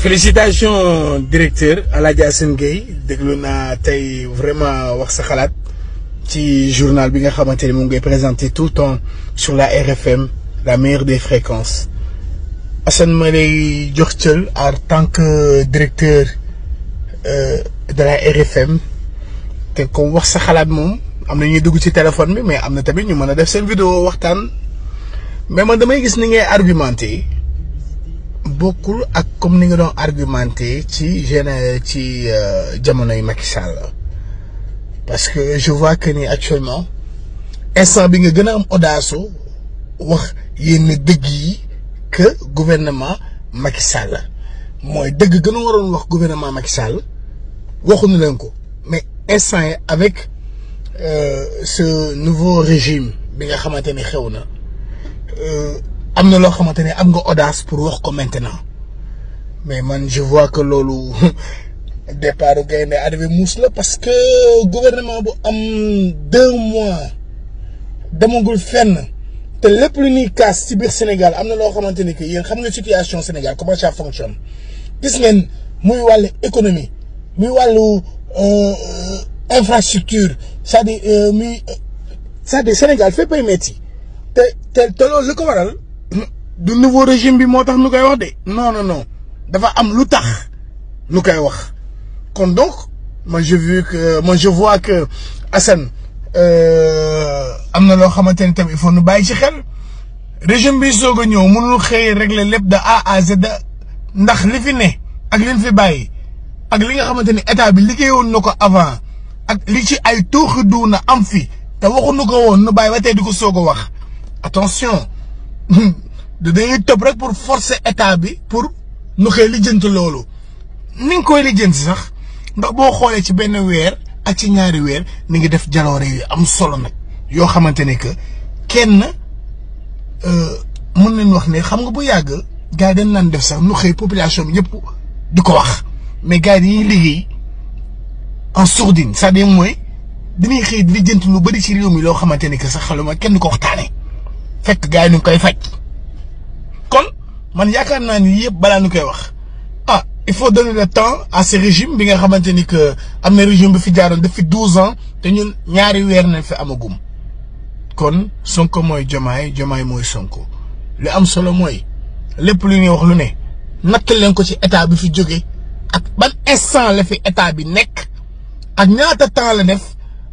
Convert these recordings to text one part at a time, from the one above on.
félicitations directeur Alaaji Assane Gueye déglu naa tey vraiment wax sa xalaat ci journal bi nga xamante ni mu ngay présenté tout le temps sur la RFM la meilleure des fréquence Assane ma jox cël en tant que directeur euh, de la RFM te comme wax sa xalaat moom am na ñuy dugg ci téléphone bi mais am na tamit ñu mën a def seen vidéo waxtaan mais man damay gis ni ngay argumenté. bokkul ak comme ni nga doon argumenté ci gene ci euh, jamono yu Macky Sall parce que je vois que ni actuellement instant bi nga gën a am audace wax yenn dëgg yi que gouvernement Macky Sall mooy dëgg gën a waroon wax gouvernement Macky Sall waxuñu leen ko mais instant yi avec euh, ce nouveau régime bi nga xamante ni xew na euh, am na loo xamante ne am nga audace pour wax ko maintenant mais man je vois que loolu départ gaynde arrivé muus la parce que gouvernement bu am deux mois demagul fenn te lépp lu ñuy kaas si biir Sénégal am na loo xamante ni que yéen xam nga situation Sénégal comment ça fonctionne gis ngeen muy wàllu économie muy wàllu euh, infrastructure cest à euh, muy euh, cest à Sénégal fépp ay metti te te loolu li ko waral. du nouveau régime bi moo tax nu koy wax de non non non dafa am lu tax nu koy wax kon donc man je vu que man je vois que Assane euh, am na loo xamante ni tamit il faut nu bàyyi ci xel régime bi soog a ñëw mënul xëy régler lépp de A à Z ndax li fi ne ak li fi bàyyi ak li nga xamante ni état bi liggéeyoon na ko avant ak li ci ay tooxi duuna am fi te waxuñu ko woon nu bàyyi ba tey di ko soog a wax attention. dañuy tëb rek pour forcer état bi pour nu koy lijjanti loolu ni nga koy lijjanti sax ndax boo xoolee ci benn weer ak ci ñaari weer ni ngi def jaloore yu am solo nag yoo xamante ne que kenn euh, mën nañ wax ne xam nga bu yàgg gars yi dañ naan def sax nu xëy population bi ñëpp di ko wax mais gars yi dañuy liggéey en sourdine c'est-à-dire mooy dañuy xëy lijjanti lu bëri ci réew yi loo xamante ne que sax xaluma kenn ko waxtaane fekk gars yi ñu ngi koy faj. man yaakaar naa ni yëpp balaa ñu koy wax ah il faut donner le temps à ce régime bi nga xamante ni que am na régime bi fi jaaroon daf fi douze ans te ñun ñaari weer nañ fi amagum kon Sonko mooy Jomaay Jomaay mooy Sonko li am solo mooy lépp lu ñuy wax lu ne natt leen ko ci état bi fi jóge ak ban instant la fi état bi nekk ak ñaata temps la def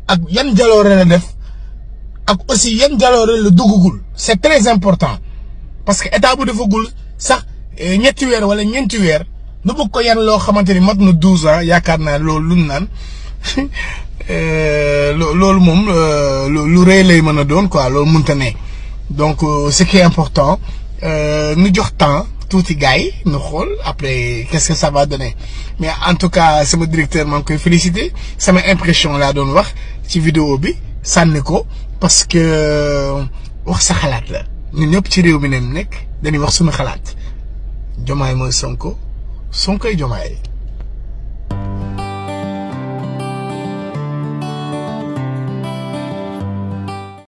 ak yan jaloore la def ak aussi yan jaloore la duggagul c'est très important parce que état bu sax eh, ñetti weer wala ñeenti weer nu bëgg ko yan loo xamante ni mat na douze ans yaakaar naan loolu lu naan eh, loolu moom eh, lu rëy lay mën a doon quoi loolu mënta ne donc euh, ce qui est important euh, nu jox temps tuuti gars yi nu xool après qu'est-ce que ça va donner mais en tout cas sama directeur maa ngi koy féliciter sama impression laa doon wax ci vidéo bi sànni ko parce que euh, wax sa xalaat la. ñun ñëpp ci réew mi neen nekk dañuy wax suñu xalaat jomaay mooy sonko sonkoy jomaay